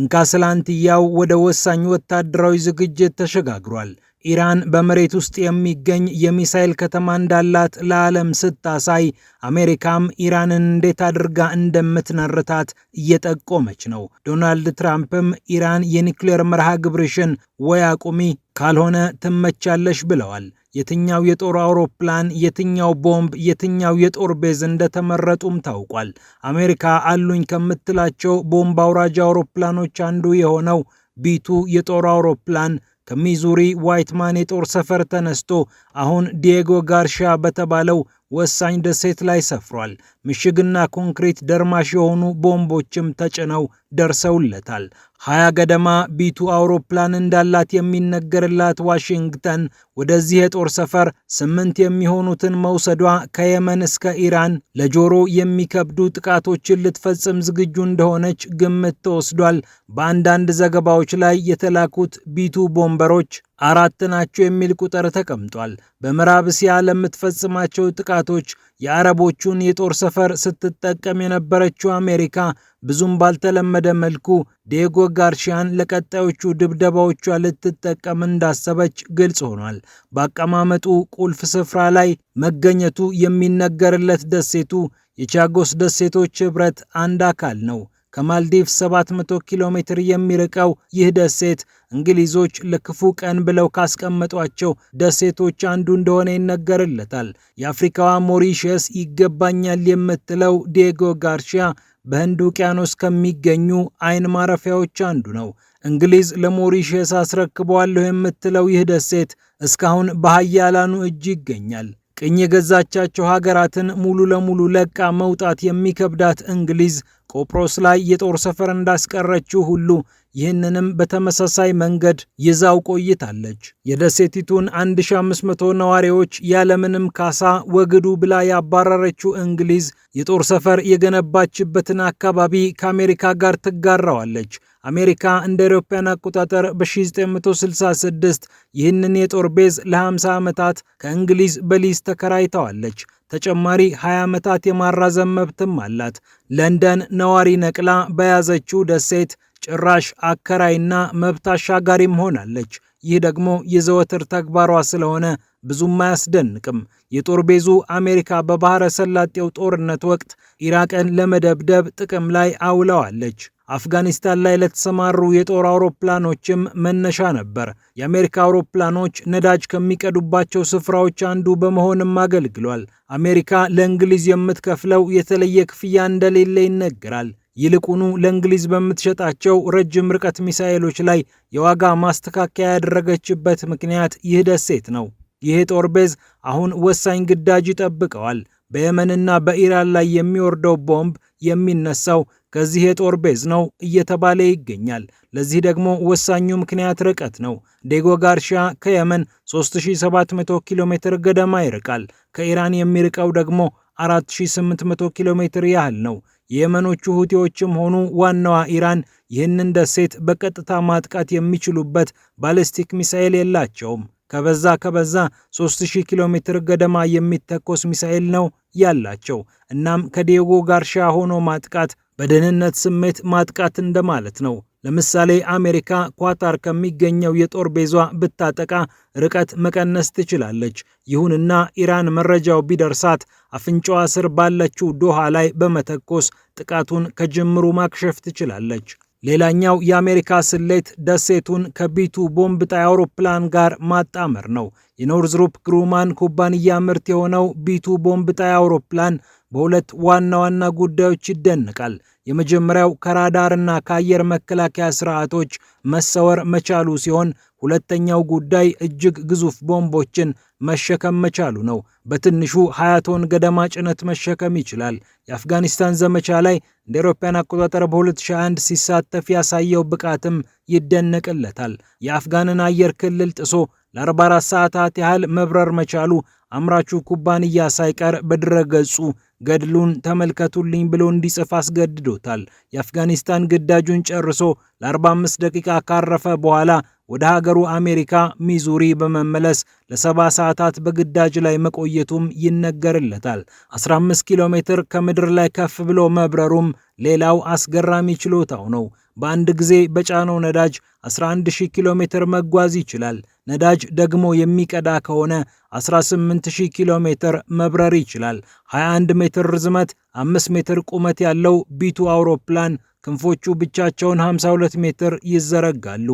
እንካስላንትያው ወደ ወሳኝ ወታደራዊ ዝግጅት ተሸጋግሯል። ኢራን በመሬት ውስጥ የሚገኝ የሚሳኤል ከተማ እንዳላት ለዓለም ስታሳይ አሜሪካም ኢራንን እንዴት አድርጋ እንደምትነርታት እየጠቆመች ነው። ዶናልድ ትራምፕም ኢራን የኒውክሌር መርሃ ግብርሽን ወይ አቁሚ ካልሆነ ትመቻለሽ ብለዋል። የትኛው የጦር አውሮፕላን፣ የትኛው ቦምብ፣ የትኛው የጦር ቤዝ እንደተመረጡም ታውቋል። አሜሪካ አሉኝ ከምትላቸው ቦምብ አውራጅ አውሮፕላኖች አንዱ የሆነው ቢቱ የጦር አውሮፕላን ከሚዙሪ ዋይትማን የጦር ሰፈር ተነስቶ አሁን ዲየጎ ጋርሻ በተባለው ወሳኝ ደሴት ላይ ሰፍሯል። ምሽግና ኮንክሪት ደርማሽ የሆኑ ቦምቦችም ተጭነው ደርሰውለታል። ሀያ ገደማ ቢቱ አውሮፕላን እንዳላት የሚነገርላት ዋሽንግተን ወደዚህ የጦር ሰፈር ስምንት የሚሆኑትን መውሰዷ ከየመን እስከ ኢራን ለጆሮ የሚከብዱ ጥቃቶችን ልትፈጽም ዝግጁ እንደሆነች ግምት ተወስዷል። በአንዳንድ ዘገባዎች ላይ የተላኩት ቢቱ ቦምበሮች አራት ናቸው የሚል ቁጥር ተቀምጧል። በምዕራብ እስያ ለምትፈጽማቸው ጥቃቶች የአረቦቹን የጦር ሰፈር ስትጠቀም የነበረችው አሜሪካ ብዙም ባልተለመደ መልኩ ዲየጎ ጋርሺያን ለቀጣዮቹ ድብደባዎቿ ልትጠቀም እንዳሰበች ግልጽ ሆኗል። በአቀማመጡ ቁልፍ ስፍራ ላይ መገኘቱ የሚነገርለት ደሴቱ የቻጎስ ደሴቶች ኅብረት አንድ አካል ነው። ከማልዲቭ 700 ኪሎ ሜትር የሚርቀው ይህ ደሴት እንግሊዞች ለክፉ ቀን ብለው ካስቀመጧቸው ደሴቶች አንዱ እንደሆነ ይነገርለታል። የአፍሪካዋ ሞሪሸስ ይገባኛል የምትለው ዲየጎ ጋርሺያ በህንድ ውቅያኖስ ከሚገኙ አይን ማረፊያዎች አንዱ ነው። እንግሊዝ ለሞሪሸስ አስረክበዋለሁ የምትለው ይህ ደሴት እስካሁን በሀያላኑ እጅ ይገኛል። ቅኝ የገዛቻቸው ሀገራትን ሙሉ ለሙሉ ለቃ መውጣት የሚከብዳት እንግሊዝ ቆጵሮስ ላይ የጦር ሰፈር እንዳስቀረችው ሁሉ ይህንንም በተመሳሳይ መንገድ ይዛው ቆይታለች። የደሴቲቱን 1500 ነዋሪዎች ያለምንም ካሳ ወግዱ ብላ ያባረረችው እንግሊዝ የጦር ሰፈር የገነባችበትን አካባቢ ከአሜሪካ ጋር ትጋራዋለች። አሜሪካ እንደ አውሮፓውያን አቆጣጠር በ1966 ይህንን የጦር ቤዝ ለ50 ዓመታት ከእንግሊዝ በሊዝ ተከራይተዋለች። ተጨማሪ 20 ዓመታት የማራዘም መብትም አላት። ለንደን ነዋሪ ነቅላ በያዘችው ደሴት ጭራሽ አከራይና መብት አሻጋሪም ሆናለች። ይህ ደግሞ የዘወትር ተግባሯ ስለሆነ ብዙም አያስደንቅም። የጦር ቤዙ አሜሪካ በባሕረ ሰላጤው ጦርነት ወቅት ኢራቅን ለመደብደብ ጥቅም ላይ አውለዋለች። አፍጋኒስታን ላይ ለተሰማሩ የጦር አውሮፕላኖችም መነሻ ነበር። የአሜሪካ አውሮፕላኖች ነዳጅ ከሚቀዱባቸው ስፍራዎች አንዱ በመሆንም አገልግሏል። አሜሪካ ለእንግሊዝ የምትከፍለው የተለየ ክፍያ እንደሌለ ይነገራል። ይልቁኑ ለእንግሊዝ በምትሸጣቸው ረጅም ርቀት ሚሳኤሎች ላይ የዋጋ ማስተካከያ ያደረገችበት ምክንያት ይህ ደሴት ነው። ይህ ጦር ቤዝ አሁን ወሳኝ ግዳጅ ይጠብቀዋል። በየመንና በኢራን ላይ የሚወርደው ቦምብ የሚነሳው ከዚህ የጦር ቤዝ ነው እየተባለ ይገኛል። ለዚህ ደግሞ ወሳኙ ምክንያት ርቀት ነው። ዴጎ ጋርሻ ከየመን 3700 ኪሎ ሜትር ገደማ ይርቃል። ከኢራን የሚርቀው ደግሞ 4800 ኪሎ ሜትር ያህል ነው። የየመኖቹ ሁቲዎችም ሆኑ ዋናዋ ኢራን ይህንን ደሴት በቀጥታ ማጥቃት የሚችሉበት ባለስቲክ ሚሳኤል የላቸውም። ከበዛ ከበዛ 3000 ኪሎ ሜትር ገደማ የሚተኮስ ሚሳኤል ነው ያላቸው። እናም ከዲዮጎ ጋርሻ ሆኖ ማጥቃት በደህንነት ስሜት ማጥቃት እንደማለት ነው። ለምሳሌ አሜሪካ ኳታር ከሚገኘው የጦር ቤዟ ብታጠቃ ርቀት መቀነስ ትችላለች። ይሁንና ኢራን መረጃው ቢደርሳት አፍንጫዋ ስር ባለችው ዶሃ ላይ በመተኮስ ጥቃቱን ከጅምሩ ማክሸፍ ትችላለች። ሌላኛው የአሜሪካ ስሌት ደሴቱን ከቢቱ ቦምብ ጣይ አውሮፕላን ጋር ማጣመር ነው። የኖርዝሩፕ ግሩማን ኩባንያ ምርት የሆነው ቢቱ ቦምብ ጣይ አውሮፕላን በሁለት ዋና ዋና ጉዳዮች ይደነቃል። የመጀመሪያው ከራዳርና ከአየር መከላከያ ስርዓቶች መሰወር መቻሉ ሲሆን ሁለተኛው ጉዳይ እጅግ ግዙፍ ቦምቦችን መሸከም መቻሉ ነው። በትንሹ ሀያ ቶን ገደማ ጭነት መሸከም ይችላል። የአፍጋኒስታን ዘመቻ ላይ እንደ አውሮፓውያን አቆጣጠር በ2001 ሲሳተፍ ያሳየው ብቃትም ይደነቅለታል። የአፍጋንን አየር ክልል ጥሶ ለ44 ሰዓታት ያህል መብረር መቻሉ አምራቹ ኩባንያ ሳይቀር በድረገጹ ገድሉን ተመልከቱልኝ ብሎ እንዲጽፍ አስገድዶታል። የአፍጋኒስታን ግዳጁን ጨርሶ ለ45 ደቂቃ ካረፈ በኋላ ወደ ሀገሩ አሜሪካ ሚዙሪ በመመለስ ለሰባ ሰዓታት በግዳጅ ላይ መቆየቱም ይነገርለታል። 15 ኪሎ ሜትር ከምድር ላይ ከፍ ብሎ መብረሩም ሌላው አስገራሚ ችሎታው ነው። በአንድ ጊዜ በጫነው ነዳጅ 11000 ኪሎ ሜትር መጓዝ ይችላል። ነዳጅ ደግሞ የሚቀዳ ከሆነ 18000 ኪሎ ሜትር መብረር ይችላል። 21 ሜትር ርዝመት፣ 5 ሜትር ቁመት ያለው ቢቱ አውሮፕላን ክንፎቹ ብቻቸውን 52 ሜትር ይዘረጋሉ።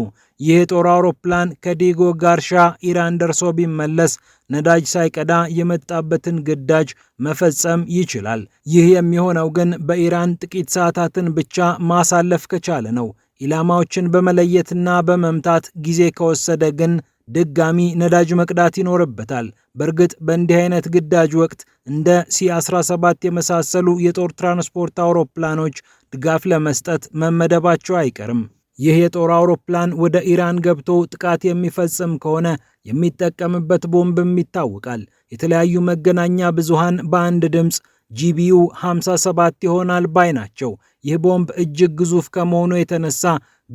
ይህ የጦር አውሮፕላን ከዲጎ ጋርሻ ኢራን ደርሶ ቢመለስ ነዳጅ ሳይቀዳ የመጣበትን ግዳጅ መፈጸም ይችላል። ይህ የሚሆነው ግን በኢራን ጥቂት ሰዓታትን ብቻ ማሳለፍ ከቻለ ነው። ኢላማዎችን በመለየትና በመምታት ጊዜ ከወሰደ ግን ድጋሚ ነዳጅ መቅዳት ይኖርበታል። በእርግጥ በእንዲህ አይነት ግዳጅ ወቅት እንደ ሲ17 የመሳሰሉ የጦር ትራንስፖርት አውሮፕላኖች ድጋፍ ለመስጠት መመደባቸው አይቀርም። ይህ የጦር አውሮፕላን ወደ ኢራን ገብቶ ጥቃት የሚፈጽም ከሆነ የሚጠቀምበት ቦምብም ይታወቃል። የተለያዩ መገናኛ ብዙሃን በአንድ ድምፅ ጂቢዩ 57 ይሆናል ባይ ናቸው። ይህ ቦምብ እጅግ ግዙፍ ከመሆኑ የተነሳ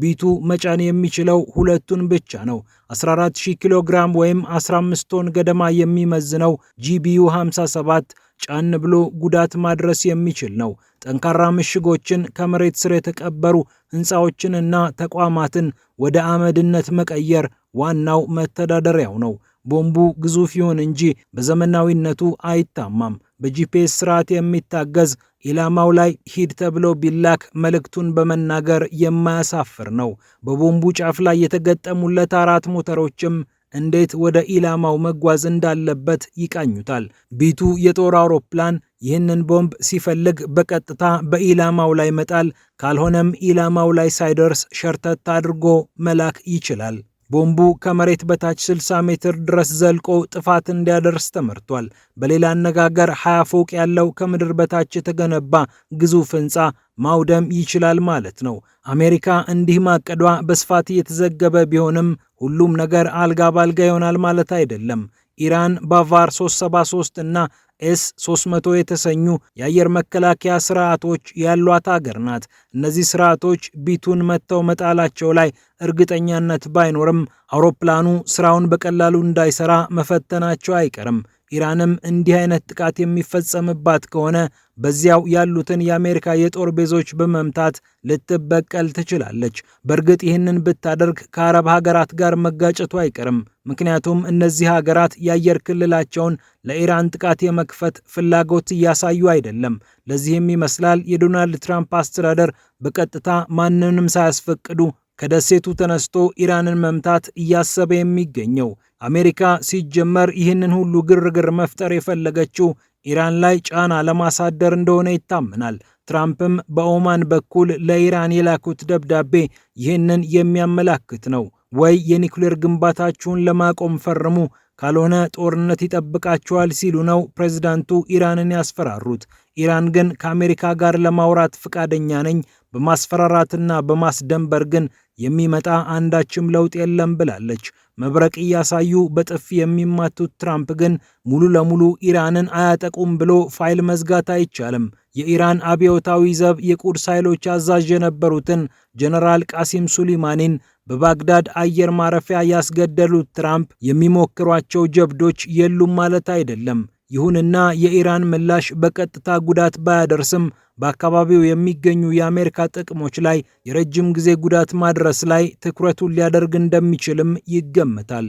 ቢቱ መጫን የሚችለው ሁለቱን ብቻ ነው። 140 ኪሎ ግራም ወይም 15 ቶን ገደማ የሚመዝነው ጂቢዩ 57 ጫን ብሎ ጉዳት ማድረስ የሚችል ነው። ጠንካራ ምሽጎችን፣ ከመሬት ስር የተቀበሩ ህንፃዎችንና ተቋማትን ወደ አመድነት መቀየር ዋናው መተዳደሪያው ነው። ቦምቡ ግዙፍ ይሁን እንጂ በዘመናዊነቱ አይታማም። በጂፒኤስ ስርዓት የሚታገዝ ኢላማው ላይ ሂድ ተብሎ ቢላክ መልእክቱን በመናገር የማያሳፍር ነው። በቦምቡ ጫፍ ላይ የተገጠሙለት አራት ሞተሮችም እንዴት ወደ ኢላማው መጓዝ እንዳለበት ይቃኙታል። ቢቱ የጦር አውሮፕላን ይህንን ቦምብ ሲፈልግ በቀጥታ በኢላማው ላይ መጣል፣ ካልሆነም ኢላማው ላይ ሳይደርስ ሸርተት አድርጎ መላክ ይችላል። ቦምቡ ከመሬት በታች 60 ሜትር ድረስ ዘልቆ ጥፋት እንዲያደርስ ተመርቷል። በሌላ አነጋገር 20 ፎቅ ያለው ከምድር በታች የተገነባ ግዙፍ ህንፃ ማውደም ይችላል ማለት ነው። አሜሪካ እንዲህ ማቀዷ በስፋት እየተዘገበ ቢሆንም ሁሉም ነገር አልጋ ባልጋ ይሆናል ማለት አይደለም። ኢራን ባቫር 373 እና ኤስ 300 የተሰኙ የአየር መከላከያ ስርዓቶች ያሏት ሀገር ናት። እነዚህ ስርዓቶች ቢቱን መጥተው መጣላቸው ላይ እርግጠኛነት ባይኖርም አውሮፕላኑ ስራውን በቀላሉ እንዳይሰራ መፈተናቸው አይቀርም። ኢራንም እንዲህ አይነት ጥቃት የሚፈጸምባት ከሆነ በዚያው ያሉትን የአሜሪካ የጦር ቤዞች በመምታት ልትበቀል ትችላለች። በእርግጥ ይህንን ብታደርግ ከአረብ ሀገራት ጋር መጋጨቱ አይቀርም። ምክንያቱም እነዚህ ሀገራት የአየር ክልላቸውን ለኢራን ጥቃት የመክፈት ፍላጎት እያሳዩ አይደለም። ለዚህም ይመስላል የዶናልድ ትራምፕ አስተዳደር በቀጥታ ማንንም ሳያስፈቅዱ ከደሴቱ ተነስቶ ኢራንን መምታት እያሰበ የሚገኘው። አሜሪካ ሲጀመር ይህንን ሁሉ ግርግር መፍጠር የፈለገችው ኢራን ላይ ጫና ለማሳደር እንደሆነ ይታመናል። ትራምፕም በኦማን በኩል ለኢራን የላኩት ደብዳቤ ይህንን የሚያመላክት ነው። ወይ የኒኩሌር ግንባታችሁን ለማቆም ፈርሙ፣ ካልሆነ ጦርነት ይጠብቃችኋል ሲሉ ነው ፕሬዚዳንቱ ኢራንን ያስፈራሩት። ኢራን ግን ከአሜሪካ ጋር ለማውራት ፍቃደኛ ነኝ፣ በማስፈራራትና በማስደንበር ግን የሚመጣ አንዳችም ለውጥ የለም ብላለች። መብረቅ እያሳዩ በጥፊ የሚማቱት ትራምፕ ግን ሙሉ ለሙሉ ኢራንን አያጠቁም ብሎ ፋይል መዝጋት አይቻልም። የኢራን አብዮታዊ ዘብ የቁድስ ኃይሎች አዛዥ የነበሩትን ጀነራል ቃሲም ሱሊማኒን በባግዳድ አየር ማረፊያ ያስገደሉት ትራምፕ የሚሞክሯቸው ጀብዶች የሉም ማለት አይደለም። ይሁንና የኢራን ምላሽ በቀጥታ ጉዳት ባያደርስም በአካባቢው የሚገኙ የአሜሪካ ጥቅሞች ላይ የረጅም ጊዜ ጉዳት ማድረስ ላይ ትኩረቱን ሊያደርግ እንደሚችልም ይገመታል።